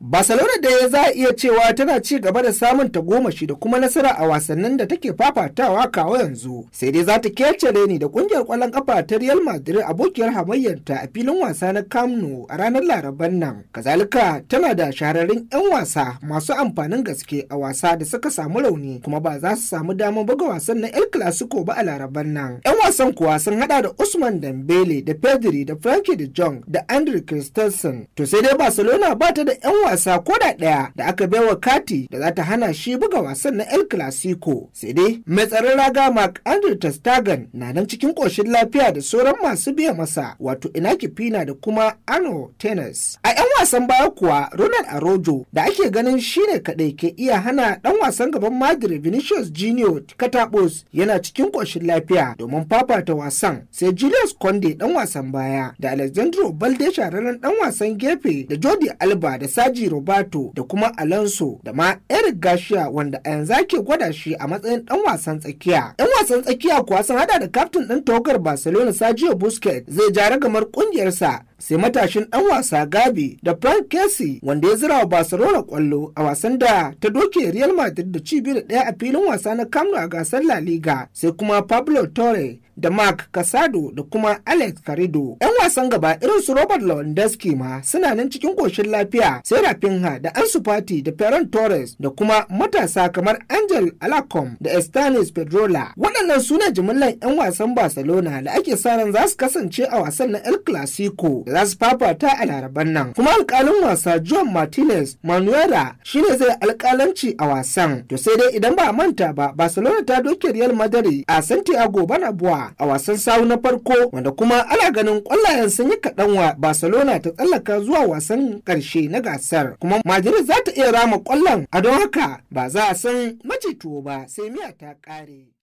Barcelona da ya za a iya cewa tana ci gaba da samun ta goma shi da kuma nasara a wasannin da take fafatawa kawo yanzu. Sai dai za ta kecere ne da kungiyar kwallon kafa ta Real Madrid abokiyar hamayyarta a filin wasa na Camp Nou a ranar Laraban nan. Kazalika tana da shahararrun 'yan wasa masu amfanin gaske a wasa da suka samu rauni kuma ba za su samu damar buga wasan na El Clasico ba a Laraban nan. 'Yan wasan kuwa sun hada da Usman Dembele da Pedri da Frankie de Jong da Andre Christensen. To sai dai Barcelona ba ta da 'yan wasa da ɗaya da aka bai wa kati da za ta hana shi buga wasan na El Clasico. Sai dai mai tsaron raga Mark Andre Tastagan na nan cikin koshin lafiya da sauran masu biya masa wato Inaki Pina da kuma Ano Tennis. A 'yan wasan baya kuwa Ronald Arojo da ake ganin shine kadai ke iya hana ɗan wasan gaban Madrid Vinicius Junior Katabos yana cikin koshin lafiya domin fafata wasan sai Julius Conde ɗan wasan baya da Alexandro Balde shararren ɗan wasan gefe da Jordi Alba da Saji Alhaji Roberto da kuma Alonso da ma Eric Garcia wanda a yanzu ake gwada shi a matsayin dan wasan tsakiya. Yan wasan tsakiya kuwa sun hada da kaftin ɗin tawagar Barcelona Sergio Busquets zai ja ragamar ƙungiyarsa sai matashin ɗan wasa Gabi da Frank Casey wanda ya zira wa Barcelona kwallo a wasan da ta doke Real Madrid da cibiyar biyu da ɗaya a filin wasa na Camp a gasar La Liga sai kuma Pablo Torre da Mark Casado da kuma Alex Carido. 'Yan wasan gaba irin su Robert Lewandowski ma suna nan cikin koshin lafiya sai Rafinha da Ansu Fati da Ferran Torres da kuma matasa kamar Angel Alacom da Estanis Pedrola. Waɗannan suna jimillan 'yan wasan Barcelona da ake sa ran za su kasance a wasan na El Clasico. da za su fafata a laraban nan kuma alkalin wasa john martinez manuela shine zai alkalanci a wasan to sai dai idan ba a manta ba barcelona ta doke real madrid a santiago banabuwa a wasan sawu na farko wanda kuma ana ganin kwallayen sun yi kaɗan wa barcelona ta tsallaka zuwa wasan ƙarshe na gasar kuma madrid za ta iya rama kwallon a don haka ba za a san maci tuwo ba sai miya ta ƙare.